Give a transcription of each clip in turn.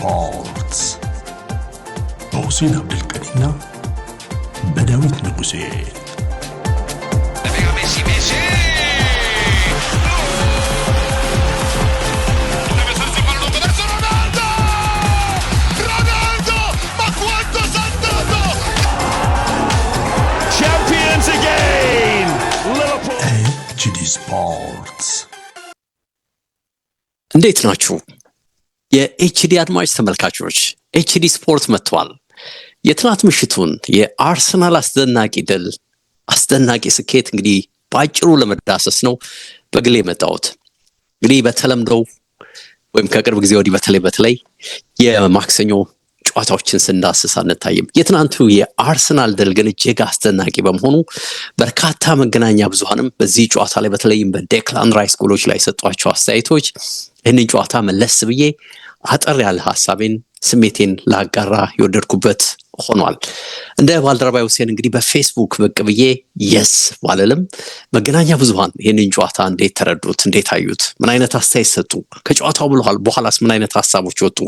ፋልስ በሁሴን አብደልቀኒና በዳዊት ንጉሴ እንዴት ናችሁ? የኤችዲ አድማጭ ተመልካቾች ኤችዲ ስፖርት መጥቷል። የትናንት ምሽቱን የአርሰናል አስደናቂ ድል፣ አስደናቂ ስኬት እንግዲህ በአጭሩ ለመዳሰስ ነው በግሌ የመጣሁት። እንግዲህ በተለምዶ ወይም ከቅርብ ጊዜ ወዲህ በተለይ በተለይ የማክሰኞ ጨዋታዎችን ስንዳስስ አንታይም። የትናንቱ የአርሰናል ድል ግን እጅግ አስደናቂ በመሆኑ በርካታ መገናኛ ብዙሃንም በዚህ ጨዋታ ላይ በተለይም በዴክላን ራይስ ጎሎች ላይ የሰጧቸው አስተያየቶች ይህንን ጨዋታ መለስ ብዬ አጠር ያለ ሀሳቤን ስሜቴን ላጋራ የወደድኩበት ሆኗል። እንደ ባልደረባ ሁሴን እንግዲህ በፌስቡክ ብቅ ብዬ የስ ባለልም መገናኛ ብዙሃን ይህንን ጨዋታ እንዴት ተረዱት? እንዴት አዩት? ምን አይነት አስተያየት ሰጡ? ከጨዋታው ብለዋል በኋላስ ምን አይነት ሀሳቦች ወጡ?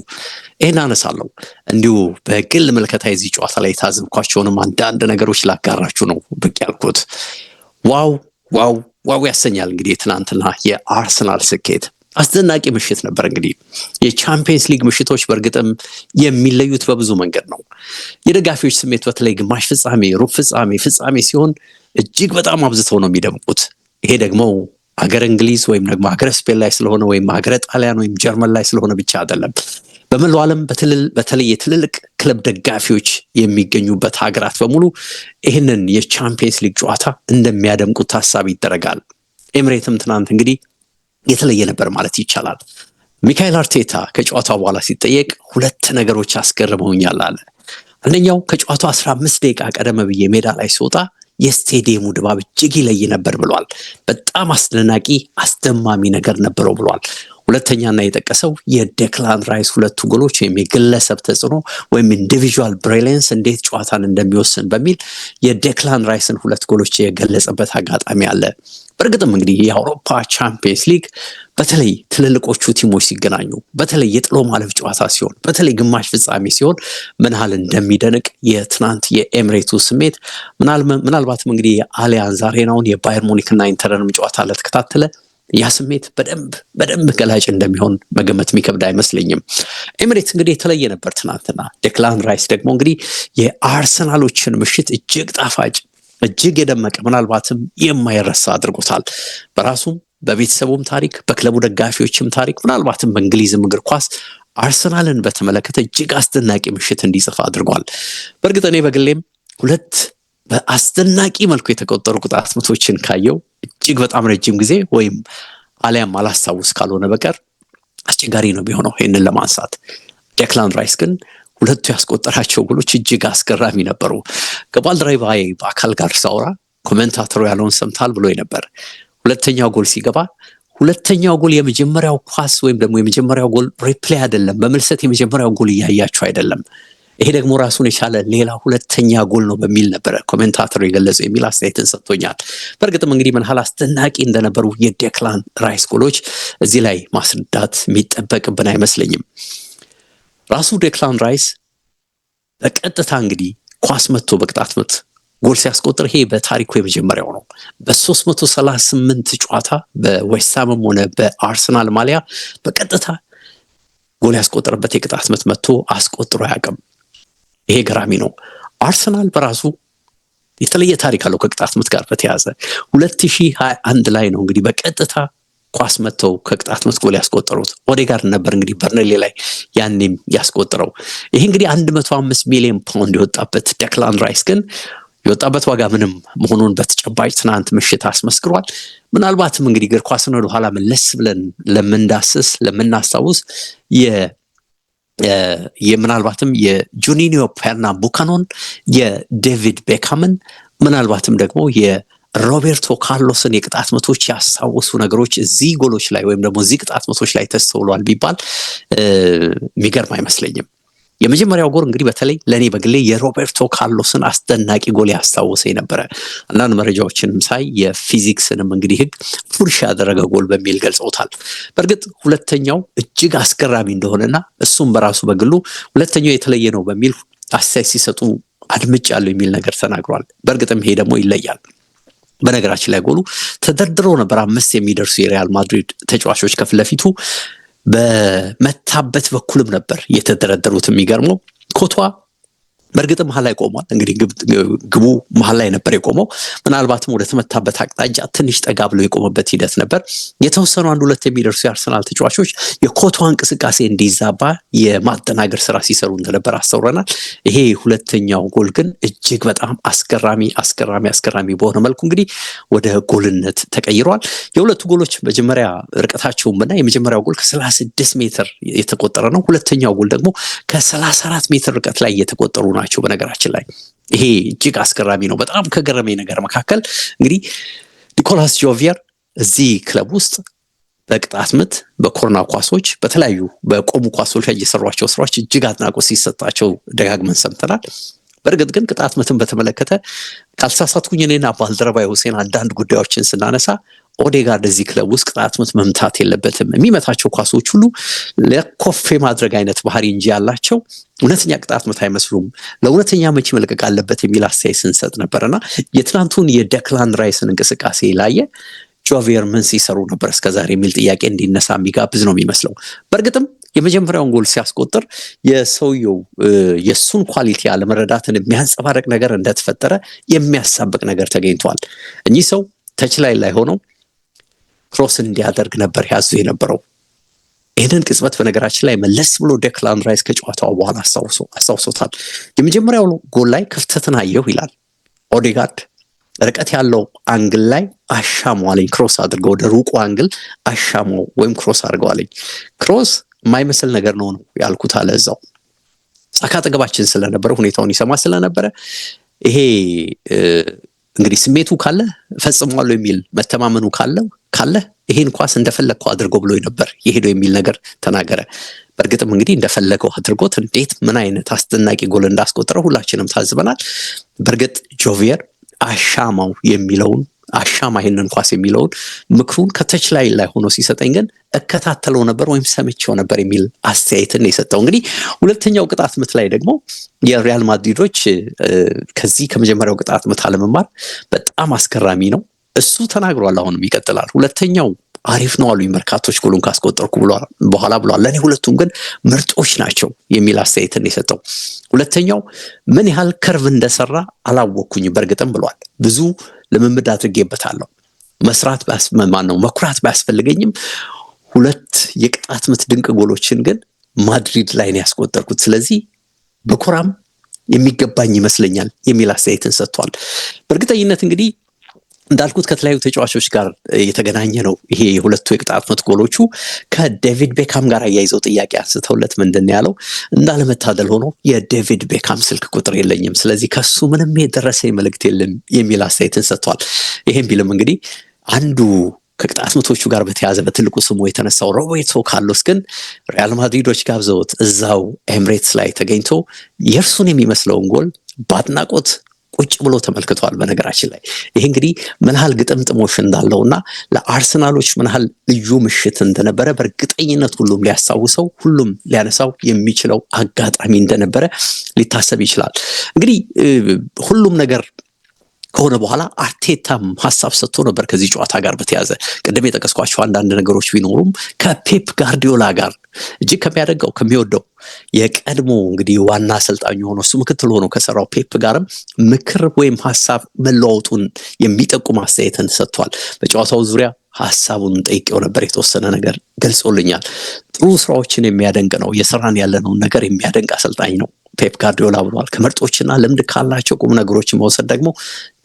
ይህን አነሳለሁ። እንዲሁ በግል ምልከታ የዚህ ጨዋታ ላይ የታዘብኳቸውንም አንዳንድ ነገሮች ላጋራችሁ ነው ብቅ ያልኩት። ዋው ዋው ዋው ያሰኛል እንግዲህ የትናንትና የአርሰናል ስኬት አስደናቂ ምሽት ነበር። እንግዲህ የቻምፒየንስ ሊግ ምሽቶች በእርግጥም የሚለዩት በብዙ መንገድ ነው። የደጋፊዎች ስሜት በተለይ ግማሽ ፍጻሜ፣ ሩብ ፍጻሜ፣ ፍጻሜ ሲሆን እጅግ በጣም አብዝተው ነው የሚደምቁት። ይሄ ደግሞ ሀገር እንግሊዝ ወይም ደግሞ ሀገረ ስፔን ላይ ስለሆነ ወይም ሀገረ ጣሊያን ወይም ጀርመን ላይ ስለሆነ ብቻ አይደለም። በመላው ዓለም በተለይ የትልልቅ ክለብ ደጋፊዎች የሚገኙበት ሀገራት በሙሉ ይህንን የቻምፒየንስ ሊግ ጨዋታ እንደሚያደምቁት ታሳቢ ይደረጋል። ኤምሬትም ትናንት እንግዲህ የተለየ ነበር ማለት ይቻላል። ሚካኤል አርቴታ ከጨዋታ በኋላ ሲጠየቅ ሁለት ነገሮች አስገርመውኛል አለ። አንደኛው ከጨዋታው 15 ደቂቃ ቀደም ብዬ ሜዳ ላይ ሲወጣ የስቴዲየሙ ድባብ እጅግ ይለይ ነበር ብሏል። በጣም አስደናቂ አስደማሚ ነገር ነበረው ብሏል። ሁለተኛና የጠቀሰው የዴክላን ራይስ ሁለቱ ጎሎች ወይም የግለሰብ ተጽዕኖ ወይም ኢንዲቪዥዋል ብሪሊየንስ እንዴት ጨዋታን እንደሚወስን በሚል የዴክላን ራይስን ሁለት ጎሎች የገለጸበት አጋጣሚ አለ። በእርግጥም እንግዲህ የአውሮፓ ቻምፒየንስ ሊግ በተለይ ትልልቆቹ ቲሞች ሲገናኙ በተለይ የጥሎ ማለፍ ጨዋታ ሲሆን በተለይ ግማሽ ፍጻሜ ሲሆን ምን ያህል እንደሚደንቅ የትናንት የኤምሬቱ ስሜት ምናልባትም እንግዲህ የአሊያንዝ አሬናውን የባየር ሙኒክና ኢንተርንም ጨዋታ ለተከታተለ ያ ስሜት በደንብ በደንብ ገላጭ እንደሚሆን መገመት የሚከብድ አይመስለኝም። ኤምሬት እንግዲህ የተለየ ነበር ትናንትና። ዴክላን ራይስ ደግሞ እንግዲህ የአርሰናሎችን ምሽት እጅግ ጣፋጭ፣ እጅግ የደመቀ ምናልባትም የማይረሳ አድርጎታል በራሱም በቤተሰቡም ታሪክ በክለቡ ደጋፊዎችም ታሪክ ምናልባትም በእንግሊዝም እግር ኳስ አርሰናልን በተመለከተ እጅግ አስደናቂ ምሽት እንዲጽፍ አድርጓል። በእርግጥ እኔ በግሌም ሁለት በአስደናቂ መልኩ የተቆጠሩ ቅጣት ምቶችን ካየው እጅግ በጣም ረጅም ጊዜ ወይም አሊያም አላስታውስ ካልሆነ በቀር አስቸጋሪ ነው የሚሆነው ይህንን ለማንሳት። ደክላን ራይስ ግን ሁለቱ ያስቆጠራቸው ጎሎች እጅግ አስገራሚ ነበሩ። ከባልደረባዬ በአካል ጋር ሳውራ ኮመንታተሩ ያለውን ሰምታል ብሎ ነበር። ሁለተኛው ጎል ሲገባ ሁለተኛው ጎል የመጀመሪያው ኳስ ወይም ደግሞ የመጀመሪያው ጎል ሪፕሌይ አይደለም፣ በመልሰት የመጀመሪያው ጎል እያያቸው አይደለም ይሄ ደግሞ ራሱን የቻለ ሌላ ሁለተኛ ጎል ነው በሚል ነበረ ኮሜንታተሩ የገለጸው የሚል አስተያየትን ሰጥቶኛል። በእርግጥም እንግዲህ ምንሃል አስደናቂ እንደነበሩ የዴክላን ራይስ ጎሎች እዚህ ላይ ማስረዳት የሚጠበቅብን አይመስለኝም። ራሱ ዴክላን ራይስ በቀጥታ እንግዲህ ኳስ መጥቶ በቅጣት ምት ጎል ሲያስቆጥር ይሄ በታሪኩ የመጀመሪያው ነው። በ338 ጨዋታ በዌስትሃምም ሆነ በአርሰናል ማሊያ በቀጥታ ጎል ያስቆጠረበት የቅጣት ምት መጥቶ አስቆጥሮ አያውቅም። ይሄ ገራሚ ነው። አርሰናል በራሱ የተለየ ታሪክ አለው ከቅጣት ምት ጋር በተያዘ አንድ ላይ ነው እንግዲህ በቀጥታ ኳስ መጥተው ከቅጣት ምት ጎል ያስቆጠሩት ኦዴጋርድ ነበር እንግዲህ በርንሌ ላይ ያኔም ያስቆጥረው። ይሄ እንግዲህ አምስት ሚሊዮን ፓውንድ የወጣበት ደክላን ራይስ ግን የወጣበት ዋጋ ምንም መሆኑን በተጨባጭ ትናንት ምሽት አስመስክሯል። ምናልባትም እንግዲህ እግር ኳስን ወደኋላ መለስ ብለን ለምንዳስስ ለምናስታውስ ምናልባትም የጁኒኒዮ ፔርናምቡካኖን የዴቪድ ቤካምን ምናልባትም ደግሞ የሮቤርቶ ካርሎስን የቅጣት ምቶች ያስታወሱ ነገሮች እዚህ ጎሎች ላይ ወይም ደግሞ እዚህ ቅጣት ምቶች ላይ ተስተውሏል ቢባል የሚገርም አይመስለኝም። የመጀመሪያው ጎል እንግዲህ በተለይ ለእኔ በግሌ የሮቤርቶ ካርሎስን አስደናቂ ጎል ያስታወሰ የነበረ አንዳንድ መረጃዎችንም ሳይ የፊዚክስንም እንግዲህ ህግ ፉርሽ ያደረገ ጎል በሚል ገልጸውታል። በእርግጥ ሁለተኛው እጅግ አስገራሚ እንደሆነና እሱም በራሱ በግሉ ሁለተኛው የተለየ ነው በሚል አስተያየት ሲሰጡ አድምጫለሁ የሚል ነገር ተናግሯል። በእርግጥም ይሄ ደግሞ ይለያል። በነገራችን ላይ ጎሉ ተደርድሮ ነበር። አምስት የሚደርሱ የሪያል ማድሪድ ተጫዋቾች ከፊት ለፊቱ በመታበት በኩልም ነበር የተደረደሩት። የሚገርመው ኮቷ በእርግጥ መሀል ላይ ቆሟል። እንግዲህ ግቡ መሀል ላይ ነበር የቆመው። ምናልባትም ወደ ተመታበት አቅጣጫ ትንሽ ጠጋ ብሎ የቆመበት ሂደት ነበር። የተወሰኑ አንድ ሁለት የሚደርሱ የአርሰናል ተጫዋቾች የኮቷ እንቅስቃሴ እንዲዛባ የማደናገር ስራ ሲሰሩ እንደነበር አስተውረናል። ይሄ ሁለተኛው ጎል ግን እጅግ በጣም አስገራሚ አስገራሚ አስገራሚ በሆነ መልኩ እንግዲህ ወደ ጎልነት ተቀይሯል። የሁለቱ ጎሎች መጀመሪያ ርቀታቸውን ብና የመጀመሪያው ጎል ከ36 ሜትር የተቆጠረ ነው። ሁለተኛው ጎል ደግሞ ከ34 ሜትር ርቀት ላይ እየተቆጠሩ ነው ናቸው። በነገራችን ላይ ይሄ እጅግ አስገራሚ ነው። በጣም ከገረመኝ ነገር መካከል እንግዲህ ኒኮላስ ጆቪየር እዚህ ክለብ ውስጥ በቅጣት ምት፣ በኮርና ኳሶች፣ በተለያዩ በቆሙ ኳሶች ላይ እየሰሯቸው ስራዎች እጅግ አድናቆት ሲሰጣቸው ደጋግመን ሰምተናል። በእርግጥ ግን ቅጣት ምትን በተመለከተ ካልሳሳትኩኝ እኔና ባልደረባ ሁሴን አንዳንድ ጉዳዮችን ስናነሳ ኦዴጋርድ እዚህ ክለብ ውስጥ ቅጣት ምት መምታት የለበትም። የሚመታቸው ኳሶች ሁሉ ለኮፌ ማድረግ አይነት ባህሪ እንጂ ያላቸው እውነተኛ ቅጣት ምት አይመስሉም። ለእውነተኛ መቺ መልቀቅ አለበት የሚል አስተያየት ስንሰጥ ነበርና የትናንቱን የደክላን ራይስን እንቅስቃሴ ላየ ጆቬር ምን ሲሰሩ ነበር እስከዛሬ የሚል ጥያቄ እንዲነሳ የሚጋብዝ ነው የሚመስለው። በእርግጥም የመጀመሪያውን ጎል ሲያስቆጥር የሰውየው የእሱን ኳሊቲ አለመረዳትን የሚያንጸባረቅ ነገር እንደተፈጠረ የሚያሳብቅ ነገር ተገኝቷል። እኚህ ሰው ተች ላይ ላይ ሆነው ክሮስ እንዲያደርግ ነበር ያዙ የነበረው። ይህንን ቅጽበት በነገራችን ላይ መለስ ብሎ ደክላን ራይስ ከጨዋታው በኋላ አስታውሶታል። የመጀመሪያው ጎል ላይ ክፍተትን አየሁ ይላል ኦዴጋርድ ርቀት ያለው አንግል ላይ አሻሟለኝ ክሮስ አድርገው ወደ ሩቁ አንግል አሻማው ወይም ክሮስ አድርገዋለኝ። ክሮስ የማይመስል ነገር ነው ነው ያልኩት አለ እዛው ሳካ አጠገባችን ስለነበረ ሁኔታውን ይሰማ ስለነበረ ይሄ እንግዲህ ስሜቱ ካለ ፈጽሟለሁ የሚል መተማመኑ ካለው ካለ ይሄን ኳስ እንደፈለግከው አድርጎ ብሎ ነበር የሄዶ የሚል ነገር ተናገረ። በእርግጥም እንግዲህ እንደፈለገው አድርጎት እንዴት ምን አይነት አስደናቂ ጎል እንዳስቆጠረ ሁላችንም ታዝበናል። በእርግጥ ጆቪየር አሻማው የሚለውን አሻማ ይሄንን ኳስ የሚለውን ምክሩን ከተች ላይ ላይ ሆኖ ሲሰጠኝ ግን እከታተለው ነበር ወይም ሰምቼው ነበር የሚል አስተያየትን የሰጠው። እንግዲህ ሁለተኛው ቅጣት ምት ላይ ደግሞ የሪያል ማድሪዶች ከዚህ ከመጀመሪያው ቅጣት ምት አለመማር በጣም አስገራሚ ነው። እሱ ተናግሯል። አሁንም ይቀጥላል። ሁለተኛው አሪፍ ነው አሉኝ መርካቶች ጎሉን ካስቆጠርኩ በኋላ ብሏል። ለእኔ ሁለቱም ግን ምርጦች ናቸው የሚል አስተያየትን የሰጠው ሁለተኛው ምን ያህል ከርቭ እንደሰራ አላወቅኩኝ በእርግጥም ብሏል። ብዙ ልምምድ አድርጌበታለሁ። መስራት ማን ነው መኩራት ባያስፈልገኝም ሁለት የቅጣት ምት ድንቅ ጎሎችን ግን ማድሪድ ላይ ነው ያስቆጠርኩት። ስለዚህ በኩራም የሚገባኝ ይመስለኛል የሚል አስተያየትን ሰጥቷል። በእርግጠኝነት እንግዲህ እንዳልኩት ከተለያዩ ተጫዋቾች ጋር የተገናኘ ነው። ይሄ የሁለቱ የቅጣት ምት ጎሎቹ ከዴቪድ ቤካም ጋር አያይዘው ጥያቄ አንስተውለት ምንድን ያለው? እንዳለመታደል ሆኖ የዴቪድ ቤካም ስልክ ቁጥር የለኝም፣ ስለዚህ ከሱ ምንም የደረሰኝ መልእክት የለም የሚል አስተያየትን ሰጥቷል። ይህም ቢልም እንግዲህ አንዱ ከቅጣት ምቶቹ ጋር በተያያዘ በትልቁ ስሙ የተነሳው ሮቤርቶ ካርሎስ ግን ሪያል ማድሪዶች ጋብዘውት እዛው ኤምሬትስ ላይ ተገኝቶ የእርሱን የሚመስለውን ጎል በአድናቆት ቁጭ ብሎ ተመልክተዋል። በነገራችን ላይ ይህ እንግዲህ ምን ያህል ግጥምጥሞሽ እና ለአርሰናሎች ምን ያህል ልዩ ምሽት እንደነበረ በእርግጠኝነት ሁሉም ሊያስታውሰው ሁሉም ሊያነሳው የሚችለው አጋጣሚ እንደነበረ ሊታሰብ ይችላል። እንግዲህ ሁሉም ነገር ከሆነ በኋላ አርቴታም ሀሳብ ሰጥቶ ነበር ከዚህ ጨዋታ ጋር በተያዘ ቅድም የጠቀስኳቸው አንዳንድ ነገሮች ቢኖሩም ከፔፕ ጋርዲዮላ ጋር እጅግ ከሚያደንቀው ከሚወደው የቀድሞ እንግዲህ ዋና አሰልጣኝ ሆኖ እሱ ምክትል ሆኖ ከሰራው ፔፕ ጋርም ምክር ወይም ሀሳብ መለዋወጡን የሚጠቁም አስተያየትን ሰጥቷል። በጨዋታው ዙሪያ ሀሳቡን ጠይቄው ነበር። የተወሰነ ነገር ገልጾልኛል። ጥሩ ስራዎችን የሚያደንቅ ነው። የሰራን ያለነውን ነገር የሚያደንቅ አሰልጣኝ ነው ፔፕ ጋርዲዮላ ብሏል። ከምርጦችና ልምድ ካላቸው ቁም ነገሮች መውሰድ ደግሞ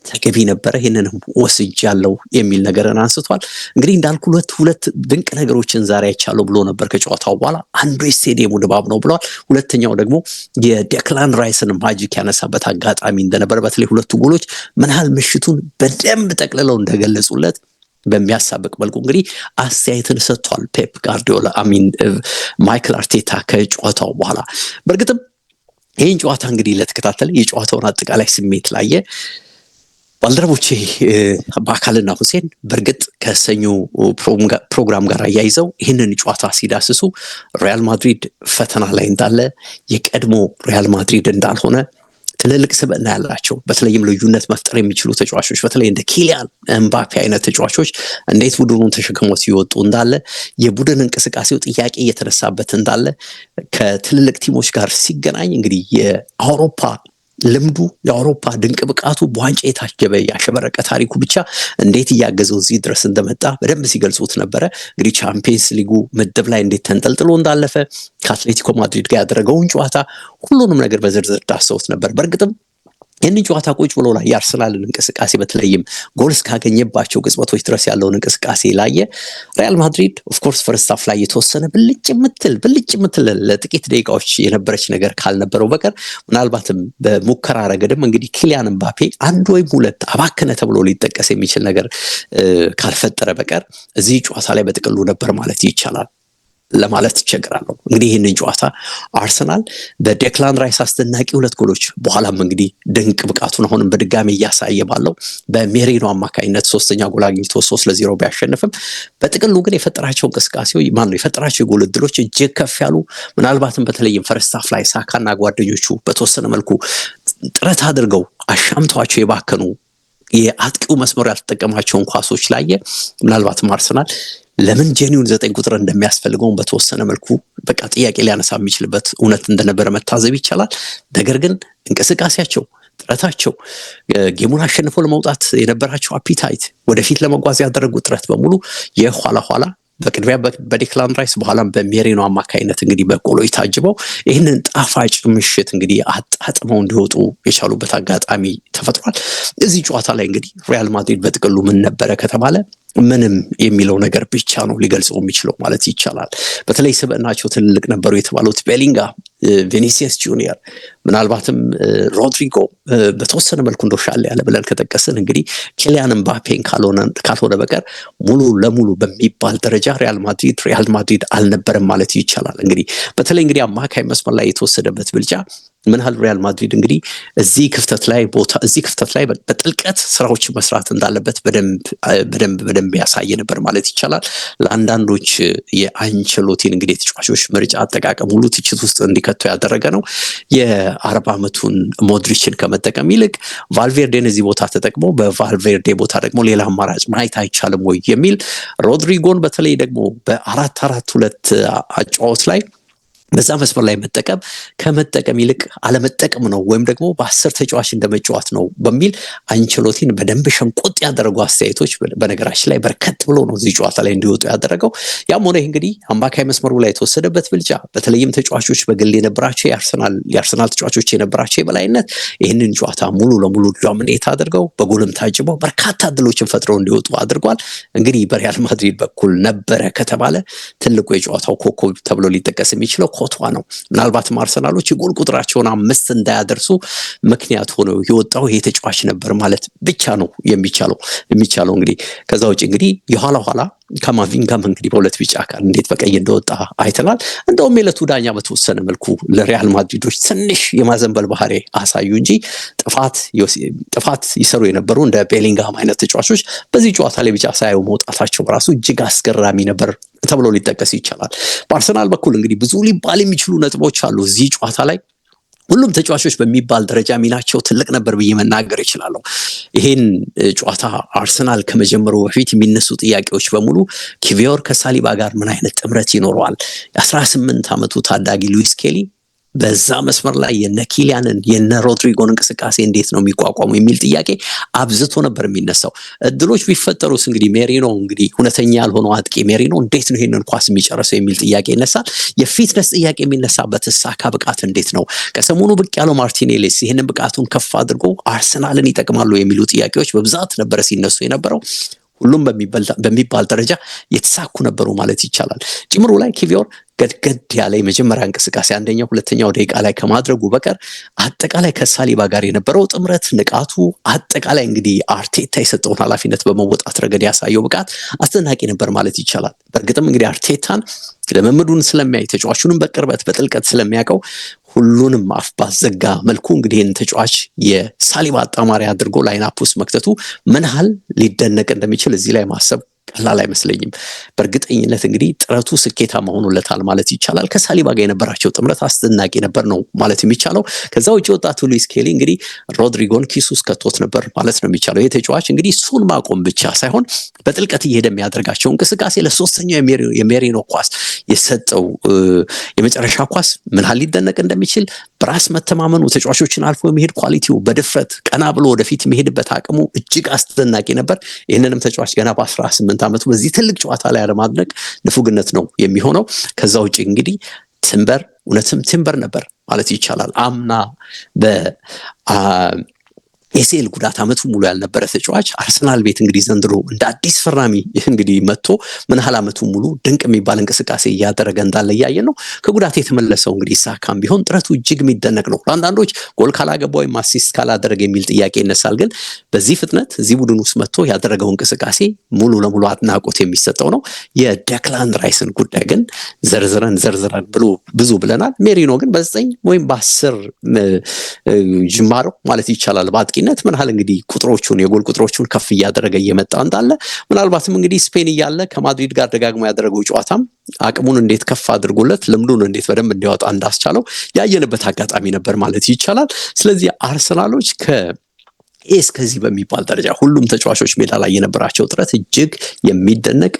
ተገቢ ነበረ፣ ይህንን ወስጃለሁ የሚል ነገርን አንስቷል። እንግዲህ እንዳልኩ ሁለት ሁለት ድንቅ ነገሮችን ዛሬ አይቻለሁ ብሎ ነበር ከጨዋታው በኋላ አንዱ የስቴዲየሙ ድባብ ነው ብለዋል። ሁለተኛው ደግሞ የዴክላን ራይስን ማጂክ ያነሳበት አጋጣሚ እንደነበረ በተለይ ሁለቱ ጎሎች ምን ያህል ምሽቱን በደንብ ጠቅልለው እንደገለጹለት በሚያሳብቅ መልኩ እንግዲህ አስተያየትን ሰጥቷል ፔፕ ጋርዲዮላ አሚን ማይክል አርቴታ ከጨዋታው በኋላ በእርግጥም ይህን ጨዋታ እንግዲህ ለተከታተለ የጨዋታውን አጠቃላይ ስሜት ላየ ባልደረቦቼ በአካልና ሁሴን በእርግጥ ከሰኞ ፕሮግራም ጋር አያይዘው ይህንን ጨዋታ ሲዳስሱ ሪያል ማድሪድ ፈተና ላይ እንዳለ የቀድሞ ሪያል ማድሪድ እንዳልሆነ ትልልቅ ስብዕና ያላቸው በተለይም ልዩነት መፍጠር የሚችሉ ተጫዋቾች በተለይ እንደ ኪሊያን እምባፔ አይነት ተጫዋቾች እንዴት ቡድኑን ተሸክሞ ሲወጡ እንዳለ የቡድን እንቅስቃሴው ጥያቄ እየተነሳበት እንዳለ ከትልልቅ ቲሞች ጋር ሲገናኝ እንግዲህ የአውሮፓ ልምዱ የአውሮፓ ድንቅ ብቃቱ በዋንጫ የታጀበ ያሸበረቀ ታሪኩ ብቻ እንዴት እያገዘው እዚህ ድረስ እንደመጣ በደንብ ሲገልጹት ነበረ። እንግዲህ ቻምፒየንስ ሊጉ ምድብ ላይ እንዴት ተንጠልጥሎ እንዳለፈ ከአትሌቲኮ ማድሪድ ጋር ያደረገውን ጨዋታ ሁሉንም ነገር በዝርዝር ዳሰውት ነበር። በእርግጥም ይህንን ጨዋታ ቁጭ ብሎ ላይ የአርሰናልን እንቅስቃሴ በተለይም ጎል እስካገኘባቸው ቅጽበቶች ድረስ ያለውን እንቅስቃሴ ላየ ሪያል ማድሪድ ኦፍኮርስ ፈርስታፍ ላይ የተወሰነ ብልጭ ምትል ብልጭ ምትል ለጥቂት ደቂቃዎች የነበረች ነገር ካልነበረው በቀር ምናልባትም በሙከራ ረገድም እንግዲህ ኪሊያን ምባፔ አንድ ወይም ሁለት አባክነ ተብሎ ሊጠቀስ የሚችል ነገር ካልፈጠረ በቀር እዚህ ጨዋታ ላይ በጥቅሉ ነበር ማለት ይቻላል። ለማለት ይቸግራለሁ። እንግዲህ ይህንን ጨዋታ አርሰናል በዴክላን ራይስ አስደናቂ ሁለት ጎሎች በኋላም እንግዲህ ድንቅ ብቃቱን አሁንም በድጋሚ እያሳየ ባለው በሜሪኖ አማካኝነት ሶስተኛ ጎል አግኝቶ ሶስት ለዜሮ ቢያሸንፍም በጥቅሉ ግን የፈጠራቸው እንቅስቃሴዎች ማነው የፈጠራቸው የጎል እድሎች እጅግ ከፍ ያሉ ምናልባትም በተለይም ፈርስታፍ ላይ ሳካና ጓደኞቹ በተወሰነ መልኩ ጥረት አድርገው አሻምተዋቸው የባከኑ የአጥቂው መስመር ያልተጠቀማቸውን ኳሶች ላየ ምናልባትም አርሰናል ለምን ጄኒውን ዘጠኝ ቁጥር እንደሚያስፈልገውን በተወሰነ መልኩ በቃ ጥያቄ ሊያነሳ የሚችልበት እውነት እንደነበረ መታዘብ ይቻላል። ነገር ግን እንቅስቃሴያቸው ጥረታቸው ጌሙን አሸንፎ ለመውጣት የነበራቸው አፒታይት ወደፊት ለመጓዝ ያደረጉ ጥረት በሙሉ የኋላ ኋላ በቅድሚያ በዴክላን ራይስ በኋላም በሜሪኖ አማካኝነት እንግዲህ በቆሎ ታጅበው ይህንን ጣፋጭ ምሽት እንግዲህ አጣጥመው እንዲወጡ የቻሉበት አጋጣሚ ተፈጥሯል። እዚህ ጨዋታ ላይ እንግዲህ ሪያል ማድሪድ በጥቅሉ ምን ነበረ ከተባለ ምንም የሚለው ነገር ብቻ ነው ሊገልጸው የሚችለው ማለት ይቻላል። በተለይ ስብዕናቸው ትልልቅ ነበሩ የተባሉት ቤሊንጋ ቬኒሲየስ ጁኒየር፣ ምናልባትም ሮድሪጎ በተወሰነ መልኩ እንደ ያለ ብለን ከጠቀስን እንግዲህ ኪሊያን ምባፔን ካልሆነ በቀር ሙሉ ለሙሉ በሚባል ደረጃ ሪያል ማድሪድ ሪያል ማድሪድ አልነበረም ማለት ይቻላል። እንግዲህ በተለይ እንግዲህ አማካይ መስመር ላይ የተወሰደበት ብልጫ ምን ያህል ሪያል ማድሪድ እንግዲህ እዚህ ክፍተት ላይ ቦታ እዚህ ክፍተት ላይ በጥልቀት ስራዎች መስራት እንዳለበት በደንብ በደንብ ያሳየ ነበር ማለት ይቻላል። ለአንዳንዶች የአንቸሎቲን እንግዲህ የተጫዋቾች ምርጫ አጠቃቀም ሁሉ ትችት ውስጥ እንዲከቱ ያደረገ ነው። የአርባ ዓመቱን ሞድሪችን ከመጠቀም ይልቅ ቫልቬርዴን እዚህ ቦታ ተጠቅሞ በቫልቬርዴ ቦታ ደግሞ ሌላ አማራጭ ማየት አይቻልም ወይ የሚል ሮድሪጎን በተለይ ደግሞ በአራት አራት ሁለት አጫዋት ላይ በዛ መስመር ላይ መጠቀም ከመጠቀም ይልቅ አለመጠቀም ነው ወይም ደግሞ በአስር ተጫዋች እንደመጫወት ነው በሚል አንቸሎቲን በደንብ ሸንቆጥ ያደረጉ አስተያየቶች በነገራችን ላይ በርከት ብሎ ነው እዚህ ጨዋታ ላይ እንዲወጡ ያደረገው። ያም ሆነ ይህ እንግዲህ አማካይ መስመሩ ላይ የተወሰደበት ብልጫ፣ በተለይም ተጫዋቾች በግል የነበራቸው የአርሰናል ተጫዋቾች የነበራቸው የበላይነት ይህንን ጨዋታ ሙሉ ለሙሉ ዶሚኔት አድርገው በጎልም ታጅበው በርካታ እድሎችን ፈጥረው እንዲወጡ አድርጓል። እንግዲህ በሪያል ማድሪድ በኩል ነበረ ከተባለ ትልቁ የጨዋታው ኮከብ ተብሎ ሊጠቀስ የሚችለው መጫወቷ ነው። ምናልባትም አርሰናሎች የጎል ቁጥራቸውን አምስት እንዳያደርሱ ምክንያት ሆኖ የወጣው ይሄ ተጫዋች ነበር ማለት ብቻ ነው የሚቻለው የሚቻለው እንግዲህ ከዛ ውጭ እንግዲህ የኋላ ኋላ ካማቪንጋም እንግዲህ በሁለት ቢጫ ካል እንዴት በቀይ እንደወጣ አይተናል። እንደውም የለቱ ዳኛ በተወሰነ መልኩ ለሪያል ማድሪዶች ትንሽ የማዘንበል ባህሪ አሳዩ እንጂ ጥፋት ይሰሩ የነበሩ እንደ ቤሊንግሃም አይነት ተጫዋቾች በዚህ ጨዋታ ላይ ቢጫ ሳያዩ መውጣታቸው በራሱ እጅግ አስገራሚ ነበር ተብሎ ሊጠቀስ ይቻላል። በአርሰናል በኩል እንግዲህ ብዙ ሊባል የሚችሉ ነጥቦች አሉ እዚህ ጨዋታ ላይ ሁሉም ተጫዋቾች በሚባል ደረጃ ሚናቸው ትልቅ ነበር ብዬ መናገር ይችላለሁ። ይሄን ጨዋታ አርሰናል ከመጀመሩ በፊት የሚነሱ ጥያቄዎች በሙሉ ኪቪዮር ከሳሊባ ጋር ምን አይነት ጥምረት ይኖረዋል? የ18 ዓመቱ ታዳጊ ሉዊስ ኬሊ በዛ መስመር ላይ የነ ኪሊያንን የነ ሮድሪጎን እንቅስቃሴ እንዴት ነው የሚቋቋሙ የሚል ጥያቄ አብዝቶ ነበር የሚነሳው። እድሎች ቢፈጠሩስ እንግዲህ ሜሪኖ እንግዲህ እውነተኛ ያልሆነው አጥቂ ሜሪኖ እንዴት ነው ይህንን ኳስ የሚጨርሰው የሚል ጥያቄ ይነሳል። የፊትነስ ጥያቄ የሚነሳበት ሳካ ብቃት እንዴት ነው? ከሰሞኑ ብቅ ያለው ማርቲኔሌስ ይህንን ብቃቱን ከፍ አድርጎ አርሰናልን ይጠቅማሉ የሚሉ ጥያቄዎች በብዛት ነበረ ሲነሱ የነበረው። ሁሉም በሚባል ደረጃ የተሳኩ ነበሩ ማለት ይቻላል። ጭምሩ ላይ ኪቪዮር ገድገድ ያለ የመጀመሪያ እንቅስቃሴ አንደኛው ሁለተኛው ደቂቃ ላይ ከማድረጉ በቀር አጠቃላይ ከሳሊባ ጋር የነበረው ጥምረት ንቃቱ፣ አጠቃላይ እንግዲህ አርቴታ የሰጠውን ኃላፊነት በመወጣት ረገድ ያሳየው ብቃት አስደናቂ ነበር ማለት ይቻላል። በእርግጥም እንግዲህ አርቴታን ልምምዱን ስለሚያይ ተጫዋቹንም በቅርበት በጥልቀት ስለሚያውቀው ሁሉንም አፍ ባዘጋ መልኩ እንግዲህ ይህን ተጫዋች የሳሊባ አጣማሪ አድርጎ ላይናፕ ውስጥ መክተቱ ምን ያህል ሊደነቅ እንደሚችል እዚህ ላይ ማሰብ ቀላል አይመስለኝም። በእርግጠኝነት እንግዲህ ጥረቱ ስኬታማ ሆኖለታል ማለት ይቻላል። ከሳሊባ ጋር የነበራቸው ጥምረት አስደናቂ ነበር ነው ማለት የሚቻለው። ከዛ ውጭ ወጣቱ ሉዊስ ኬሊ እንግዲህ ሮድሪጎን ኪሱ ከቶት ነበር ማለት ነው የሚቻለው። ይህ ተጫዋች እንግዲህ እሱን ማቆም ብቻ ሳይሆን በጥልቀት እየሄደ የሚያደርጋቸው እንቅስቃሴ ለሶስተኛው የሜሪኖ ኳስ የሰጠው የመጨረሻ ኳስ ምን ያህል ሊደነቅ እንደሚችል በራስ መተማመኑ፣ ተጫዋቾችን አልፎ የመሄድ ኳሊቲው፣ በድፍረት ቀና ብሎ ወደፊት የሚሄድበት አቅሙ እጅግ አስደናቂ ነበር። ይህንንም ተጫዋች ገና በ ስምንት ዓመቱ በዚህ ትልቅ ጨዋታ ላይ አለማድነቅ ንፉግነት ነው የሚሆነው። ከዛ ውጭ እንግዲህ ትንበር እውነትም ትምበር ነበር ማለት ይቻላል። አምና ኤሲኤል ጉዳት አመቱ ሙሉ ያልነበረ ተጫዋች አርሰናል ቤት እንግዲህ ዘንድሮ እንደ አዲስ ፈራሚ እንግዲህ መጥቶ ምን ያህል ሙሉ ድንቅ የሚባል እንቅስቃሴ እያደረገ እንዳለ እያየን ነው። ከጉዳት የተመለሰው እንግዲህ ሳካም ቢሆን ጥረቱ እጅግ የሚደነቅ ነው። ለአንዳንዶች ጎል ካላገባ ወይም አሲስት ካላደረገ የሚል ጥያቄ ይነሳል። ግን በዚህ ፍጥነት እዚህ ቡድን ውስጥ መጥቶ ያደረገው እንቅስቃሴ ሙሉ ለሙሉ አድናቆት የሚሰጠው ነው። የደክላን ራይስን ጉዳይ ግን ዘርዝረን ዘርዝረን ብሎ ብዙ ብለናል። ሜሪኖ ግን በዘጠኝ ወይም በአስር ጅማሮ ማለት ይቻላል በአጥቂ አማካኝነት ምን ያህል እንግዲህ ቁጥሮቹን የጎል ቁጥሮቹን ከፍ እያደረገ እየመጣ እንዳለ ምናልባትም እንግዲህ ስፔን እያለ ከማድሪድ ጋር ደጋግሞ ያደረገው ጨዋታም አቅሙን እንዴት ከፍ አድርጎለት ልምዱን እንዴት በደንብ እንዲያወጣ እንዳስቻለው ያየንበት አጋጣሚ ነበር ማለት ይቻላል። ስለዚህ አርሰናሎች ከ እስከዚህ በሚባል ደረጃ ሁሉም ተጫዋቾች ሜዳ ላይ የነበራቸው ጥረት እጅግ የሚደነቅ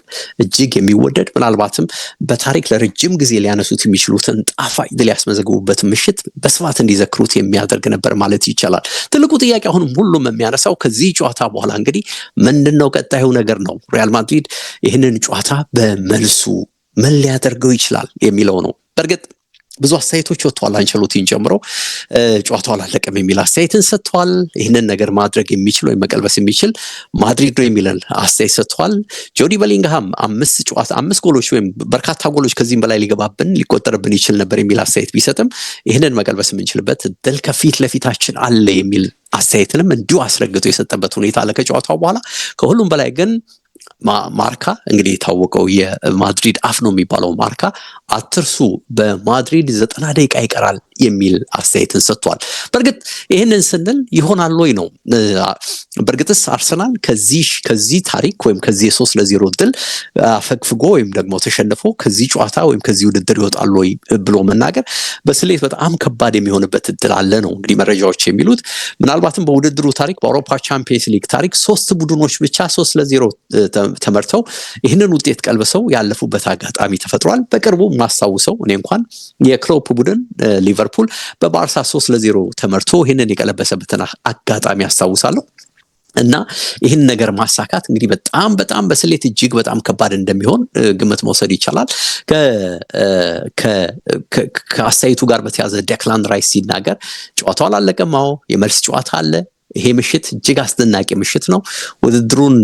እጅግ የሚወደድ ምናልባትም በታሪክ ለረጅም ጊዜ ሊያነሱት የሚችሉትን ጣፋጭ ድል ያስመዘግቡበት ምሽት በስፋት እንዲዘክሩት የሚያደርግ ነበር ማለት ይቻላል። ትልቁ ጥያቄ አሁንም ሁሉም የሚያነሳው ከዚህ ጨዋታ በኋላ እንግዲህ ምንድን ነው ቀጣዩ ነገር ነው። ሪያል ማድሪድ ይህንን ጨዋታ በመልሱ ምን ሊያደርገው ይችላል የሚለው ነው። በእርግጥ ብዙ አስተያየቶች ወጥተዋል። አንቸሎቲን ጨምሮ ጨዋታው አላለቀም የሚል አስተያየትን ሰጥተዋል። ይህንን ነገር ማድረግ የሚችል ወይም መቀልበስ የሚችል ማድሪድ ነው የሚለን አስተያየት ሰጥተዋል። ጆዲ በሊንግሃም አምስት ጨዋታ አምስት ጎሎች ወይም በርካታ ጎሎች ከዚህም በላይ ሊገባብን ሊቆጠርብን ይችል ነበር የሚል አስተያየት ቢሰጥም ይህንን መቀልበስ የምንችልበት ድል ከፊት ለፊታችን አለ የሚል አስተያየትንም እንዲሁ አስረግጦ የሰጠበት ሁኔታ አለ ከጨዋታው በኋላ ከሁሉም በላይ ግን ማርካ እንግዲህ የታወቀው የማድሪድ አፍ ነው የሚባለው ማርካ አትርሱ፣ በማድሪድ ዘጠና ደቂቃ ይቀራል የሚል አስተያየትን ሰጥቷል። በእርግጥ ይህንን ስንል ይሆናል ወይ ነው። በእርግጥስ አርሰናል ከዚህ ከዚህ ታሪክ ወይም ከዚህ የሶስት ለዜሮ ድል አፈግፍጎ ወይም ደግሞ ተሸንፎ ከዚህ ጨዋታ ወይም ከዚህ ውድድር ይወጣል ወይ ብሎ መናገር በስሌት በጣም ከባድ የሚሆንበት እድል አለ ነው እንግዲህ መረጃዎች የሚሉት ምናልባትም በውድድሩ ታሪክ በአውሮፓ ቻምፒየንስ ሊግ ታሪክ ሶስት ቡድኖች ብቻ ሶስት ለዜሮ ተመርተው ይህንን ውጤት ቀልብሰው ያለፉበት አጋጣሚ ተፈጥሯል። በቅርቡ ማስታውሰው እኔ እንኳን የክሎፕ ቡድን ሊቨር ሊቨርፑል በባርሳ ሶስት ለዜሮ ተመርቶ ይህንን የቀለበሰበትን አጋጣሚ አስታውሳለሁ። እና ይህን ነገር ማሳካት እንግዲህ በጣም በጣም በስሌት እጅግ በጣም ከባድ እንደሚሆን ግምት መውሰድ ይቻላል። ከአስተያየቱ ጋር በተያዘ ደክላን ራይስ ሲናገር ጨዋታው አላለቀም፣ አዎ የመልስ ጨዋታ አለ፣ ይሄ ምሽት እጅግ አስደናቂ ምሽት ነው። ውድድሩን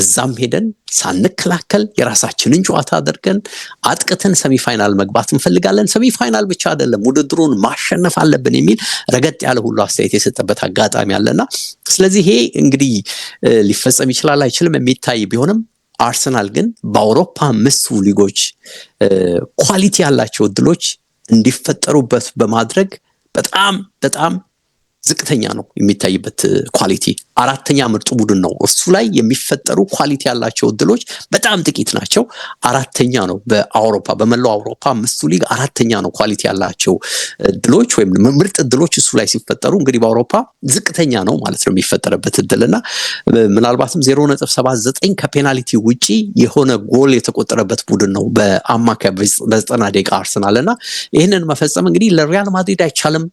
እዛም ሄደን ሳንከላከል የራሳችንን ጨዋታ አድርገን አጥቅተን ሰሚፋይናል መግባት እንፈልጋለን። ሰሚፋይናል ብቻ አይደለም ውድድሩን ማሸነፍ አለብን የሚል ረገጥ ያለ ሁሉ አስተያየት የሰጠበት አጋጣሚ አለና ስለዚህ ይሄ እንግዲህ ሊፈጸም ይችላል አይችልም የሚታይ ቢሆንም አርሰናል ግን በአውሮፓ አምስቱ ሊጎች ኳሊቲ ያላቸው እድሎች እንዲፈጠሩበት በማድረግ በጣም በጣም ዝቅተኛ ነው የሚታይበት ኳሊቲ። አራተኛ ምርጡ ቡድን ነው። እሱ ላይ የሚፈጠሩ ኳሊቲ ያላቸው እድሎች በጣም ጥቂት ናቸው። አራተኛ ነው በአውሮፓ በመላው አውሮፓ አምስቱ ሊግ አራተኛ ነው ኳሊቲ ያላቸው እድሎች ወይም ምርጥ እድሎች እሱ ላይ ሲፈጠሩ እንግዲህ በአውሮፓ ዝቅተኛ ነው ማለት ነው የሚፈጠርበት እድል እና ምናልባትም ዜሮ ነጥብ ሰባ ዘጠኝ ከፔናልቲ ውጪ የሆነ ጎል የተቆጠረበት ቡድን ነው በአማካይ በዘጠና ደቂቃ አርሰናል እና ይህንን መፈጸም እንግዲህ ለሪያል ማድሪድ አይቻልም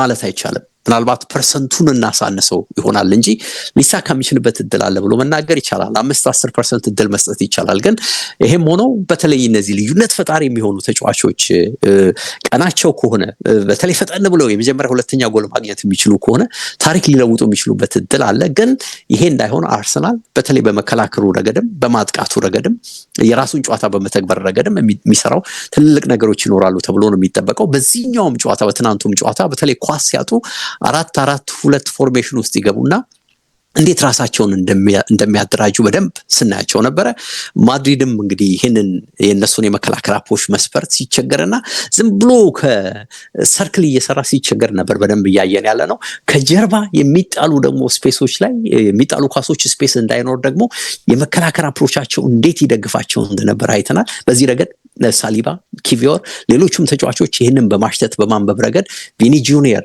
ማለት አይቻልም። ምናልባት ፐርሰንቱን እናሳንሰው ይሆናል እንጂ ሊሳካ የሚችልበት እድል አለ ብሎ መናገር ይቻላል። አምስት አስር ፐርሰንት እድል መስጠት ይቻላል። ግን ይሄም ሆነው በተለይ እነዚህ ልዩነት ፈጣሪ የሚሆኑ ተጫዋቾች ቀናቸው ከሆነ በተለይ ፈጠን ብለው የመጀመሪያ ሁለተኛ ጎል ማግኘት የሚችሉ ከሆነ ታሪክ ሊለውጡ የሚችሉበት እድል አለ። ግን ይሄ እንዳይሆን አርሰናል በተለይ በመከላከሉ ረገድም በማጥቃቱ ረገድም የራሱን ጨዋታ በመተግበር ረገድም የሚሰራው ትልልቅ ነገሮች ይኖራሉ ተብሎ ነው የሚጠበቀው። በዚህኛውም ጨዋታ በትናንቱም ጨዋታ በተለይ ኳስ ሲያጡ አራት አራት ሁለት ፎርሜሽን ውስጥ ይገቡና እንዴት ራሳቸውን እንደሚያደራጁ በደንብ ስናያቸው ነበረ። ማድሪድም እንግዲህ ይህንን የእነሱን የመከላከል አፖች መስፈርት ሲቸገርና ዝም ብሎ ከሰርክል እየሰራ ሲቸገር ነበር። በደንብ እያየን ያለ ነው። ከጀርባ የሚጣሉ ደግሞ ስፔሶች ላይ የሚጣሉ ኳሶች ስፔስ እንዳይኖር ደግሞ የመከላከል አፕሮቻቸው እንዴት ይደግፋቸው እንደነበር አይተናል። በዚህ ረገድ ሳሊባ፣ ኪቪዮር፣ ሌሎቹም ተጫዋቾች ይህንን በማሽተት በማንበብ ረገድ ቪኒ ጁኒየር፣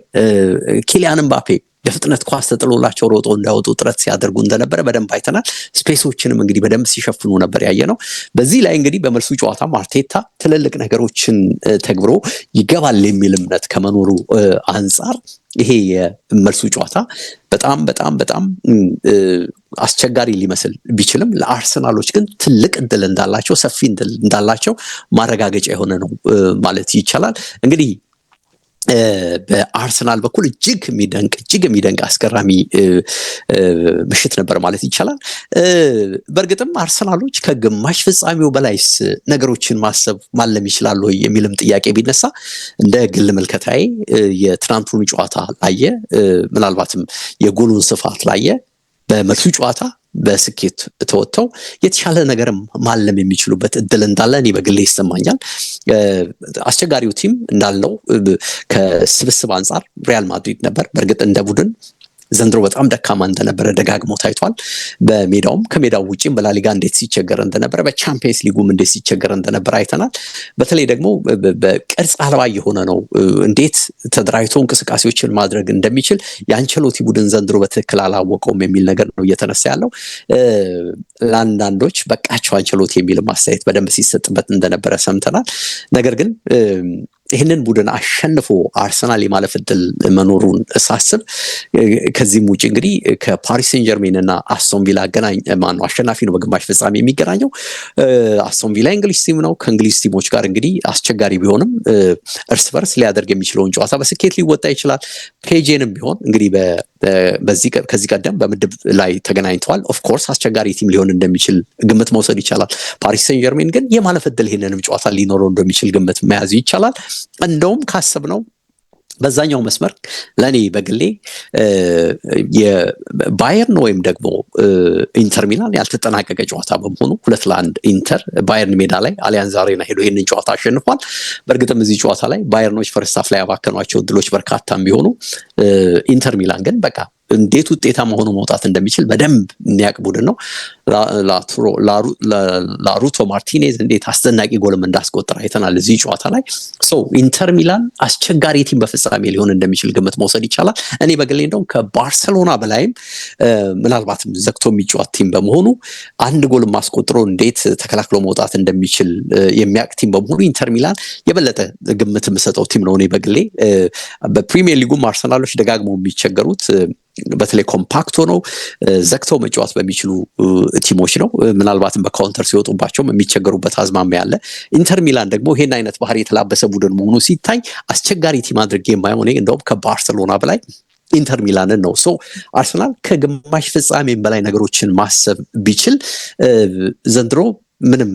ኪሊያን ምባፔ የፍጥነት ኳስ ተጥሎላቸው ሮጦ እንዳይወጡ ጥረት ሲያደርጉ እንደነበረ በደንብ አይተናል። ስፔሶችንም እንግዲህ በደንብ ሲሸፍኑ ነበር ያየ ነው። በዚህ ላይ እንግዲህ በመልሱ ጨዋታም አርቴታ ትልልቅ ነገሮችን ተግብሮ ይገባል የሚል እምነት ከመኖሩ አንጻር ይሄ የመልሱ ጨዋታ በጣም በጣም በጣም አስቸጋሪ ሊመስል ቢችልም ለአርሰናሎች ግን ትልቅ እድል እንዳላቸው ሰፊ እድል እንዳላቸው ማረጋገጫ የሆነ ነው ማለት ይቻላል እንግዲህ በአርሰናል በኩል እጅግ የሚደንቅ እጅግ የሚደንቅ አስገራሚ ምሽት ነበር ማለት ይቻላል። በእርግጥም አርሰናሎች ከግማሽ ፍጻሜው በላይስ ነገሮችን ማሰብ ማለም ይችላሉ የሚልም ጥያቄ ቢነሳ እንደ ግል ምልከታዬ የትናንቱን ጨዋታ ላየ፣ ምናልባትም የጎሉን ስፋት ላየ በመልሱ ጨዋታ በስኬት ተወጥተው የተሻለ ነገር ማለም የሚችሉበት እድል እንዳለ እኔ በግሌ ይሰማኛል። አስቸጋሪው ቲም እንዳለው ከስብስብ አንጻር ሪያል ማድሪድ ነበር። በእርግጥ እንደ ቡድን ዘንድሮ በጣም ደካማ እንደነበረ ደጋግሞ ታይቷል። በሜዳውም ከሜዳው ውጭም በላሊጋ እንዴት ሲቸገር እንደነበረ፣ በቻምፒየንስ ሊጉም እንዴት ሲቸገር እንደነበረ አይተናል። በተለይ ደግሞ በቅርጽ አልባ የሆነ ነው እንዴት ተደራጅቶ እንቅስቃሴዎችን ማድረግ እንደሚችል የአንቸሎቲ ቡድን ዘንድሮ በትክክል አላወቀውም የሚል ነገር ነው እየተነሳ ያለው። ለአንዳንዶች በቃቸው አንቸሎቲ የሚል አስተያየት በደንብ ሲሰጥበት እንደነበረ ሰምተናል። ነገር ግን ይህንን ቡድን አሸንፎ አርሰናል የማለፍ እድል መኖሩን ሳስብ ከዚህም ውጭ እንግዲህ ከፓሪስን ጀርሜን እና አስቶን አገናኝ ማነው አሸናፊ ነው በግማሽ ፍጻሜ የሚገናኘው። አሶንቪላ እንግሊዝ ቲም ነው። ከእንግሊዝ ቲሞች ጋር እንግዲህ አስቸጋሪ ቢሆንም እርስ በርስ ሊያደርግ የሚችለውን ጨዋታ በስኬት ሊወጣ ይችላል። ፔጄንም ቢሆን እንግዲህ ከዚህ ቀደም በምድብ ላይ ተገናኝተዋል። ኦፍኮርስ አስቸጋሪ ቲም ሊሆን እንደሚችል ግምት መውሰድ ይቻላል። ፓሪስ ሰን ጀርሜን ግን የማለፍ እድል ይሄንንም ጨዋታ ሊኖረው እንደሚችል ግምት መያዝ ይቻላል። እንደውም ካስብ ነው በዛኛው መስመር ለእኔ በግሌ የባየርን ወይም ደግሞ ኢንተር ሚላን ያልተጠናቀቀ ጨዋታ በመሆኑ ሁለት ለአንድ ኢንተር ባየርን ሜዳ ላይ አሊያን አሬና ሄዶ ይህንን ጨዋታ አሸንፏል። በእርግጥም እዚህ ጨዋታ ላይ ባየርኖች ፈርስታፍ ላይ ያባከኗቸው ድሎች በርካታ ቢሆኑ ኢንተር ሚላን ግን በቃ እንዴት ውጤታማ ሆኖ መውጣት እንደሚችል በደንብ የሚያውቅ ቡድን ነው። ላሩቶ ማርቲኔዝ እንዴት አስደናቂ ጎልም እንዳስቆጠር አይተናል እዚህ ጨዋታ ላይ። ሰው ኢንተር ሚላን አስቸጋሪ ቲም በፍጻሜ ሊሆን እንደሚችል ግምት መውሰድ ይቻላል። እኔ በግሌ እንደውም ከባርሰሎና በላይም ምናልባትም ዘግቶ የሚጫወት ቲም በመሆኑ አንድ ጎልም አስቆጥሮ እንዴት ተከላክሎ መውጣት እንደሚችል የሚያውቅ ቲም በመሆኑ ኢንተር ሚላን የበለጠ ግምት የምሰጠው ቲም ነው እኔ በግሌ። በፕሪሚየር ሊጉም አርሰናሎች ተጫዋቾች ደጋግመው የሚቸገሩት በተለይ ኮምፓክት ሆነው ዘግተው መጫወት በሚችሉ ቲሞች ነው። ምናልባትም በካውንተር ሲወጡባቸውም የሚቸገሩበት አዝማሚያ ያለ። ኢንተር ሚላን ደግሞ ይህን አይነት ባህሪ የተላበሰ ቡድን መሆኑ ሲታይ አስቸጋሪ ቲም አድርጌ የማየው እንደውም ከባርሰሎና በላይ ኢንተር ሚላንን ነው። ሶ አርሰናል ከግማሽ ፍጻሜም በላይ ነገሮችን ማሰብ ቢችል ዘንድሮ ምንም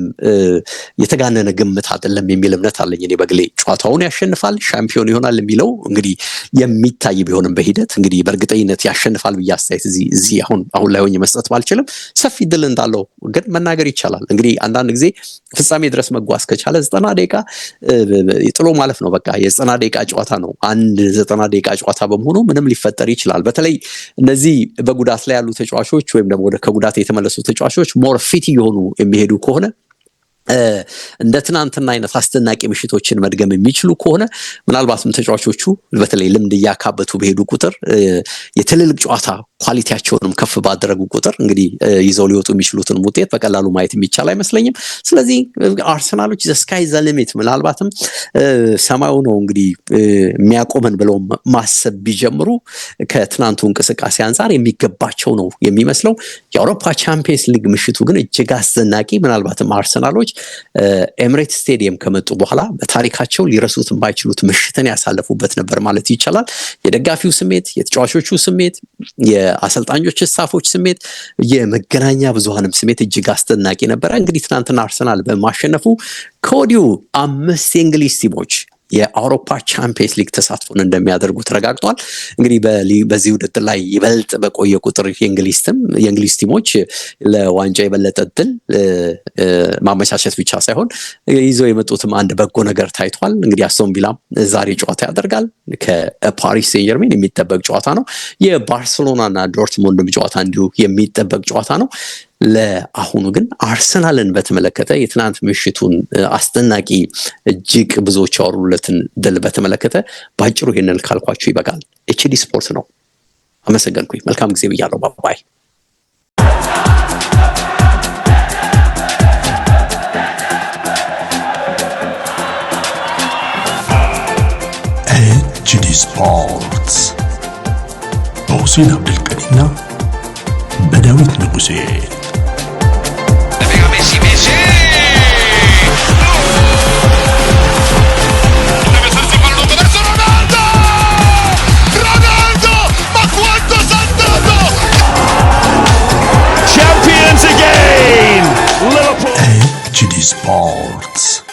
የተጋነነ ግምት አይደለም የሚል እምነት አለኝ። እኔ በግሌ ጨዋታውን ያሸንፋል፣ ሻምፒዮን ይሆናል የሚለው እንግዲህ የሚታይ ቢሆንም በሂደት እንግዲህ በእርግጠኝነት ያሸንፋል ብዬ አስተያየት እዚህ አሁን አሁን ላይ ሆኜ መስጠት ባልችልም ሰፊ ድል እንዳለው ግን መናገር ይቻላል። እንግዲህ አንዳንድ ጊዜ ፍጻሜ ድረስ መጓዝ ከቻለ ዘጠና ደቂቃ ጥሎ ማለፍ ነው። በቃ የዘጠና ደቂቃ ጨዋታ ነው። አንድ ዘጠና ደቂቃ ጨዋታ በመሆኑ ምንም ሊፈጠር ይችላል። በተለይ እነዚህ በጉዳት ላይ ያሉ ተጫዋቾች ወይም ደግሞ ከጉዳት የተመለሱ ተጫዋቾች ሞር ፊት እየሆኑ የሚሄዱ ከሆነ እንደ ትናንትና አይነት አስደናቂ ምሽቶችን መድገም የሚችሉ ከሆነ ምናልባትም ተጫዋቾቹ በተለይ ልምድ እያካበቱ በሄዱ ቁጥር የትልልቅ ጨዋታ ኳሊቲያቸውንም ከፍ ባደረጉ ቁጥር እንግዲህ ይዘው ሊወጡ የሚችሉትን ውጤት በቀላሉ ማየት የሚቻል አይመስለኝም። ስለዚህ አርሰናሎች ዘስካይ ዘልሜት ምናልባትም ሰማዩ ነው እንግዲህ የሚያቆመን ብለው ማሰብ ቢጀምሩ ከትናንቱ እንቅስቃሴ አንጻር የሚገባቸው ነው የሚመስለው። የአውሮፓ ቻምፒየንስ ሊግ ምሽቱ ግን እጅግ አስዘናቂ፣ ምናልባትም አርሰናሎች ኤምሬት ስቴዲየም ከመጡ በኋላ በታሪካቸው ሊረሱት የማይችሉት ምሽትን ያሳለፉበት ነበር ማለት ይቻላል። የደጋፊው ስሜት፣ የተጫዋቾቹ ስሜት የአሰልጣኞች ሳፎች ስሜት፣ የመገናኛ ብዙሃንም ስሜት እጅግ አስደናቂ ነበረ። እንግዲህ ትናንትና አርሰናል በማሸነፉ ከወዲሁ አምስት የእንግሊዝ ቲሞች የአውሮፓ ቻምፒየንስ ሊግ ተሳትፎን እንደሚያደርጉ ተረጋግጧል። እንግዲህ በዚህ ውድድር ላይ ይበልጥ በቆየ ቁጥር የእንግሊዝ ቲሞች ለዋንጫ የበለጠ እድል ማመቻቸት ብቻ ሳይሆን ይዘው የመጡትም አንድ በጎ ነገር ታይቷል። እንግዲህ አስቶን ቪላም ዛሬ ጨዋታ ያደርጋል ከፓሪስ ሴን ጀርሜን የሚጠበቅ ጨዋታ ነው። የባርሴሎናና ዶርትሞንድም ጨዋታ እንዲሁ የሚጠበቅ ጨዋታ ነው። ለአሁኑ ግን አርሰናልን በተመለከተ የትናንት ምሽቱን አስደናቂ እጅግ ብዙዎች ያወሩለትን ድል በተመለከተ በአጭሩ ይሄንን ካልኳችሁ ይበቃል። ኤችዲ ስፖርት ነው። አመሰገንኩኝ። መልካም ጊዜ ብያለሁ። ባባይ ኤችዲ ስፖርት በሁሴን አብድልቀዲና በዳዊት ንጉሴ Sports.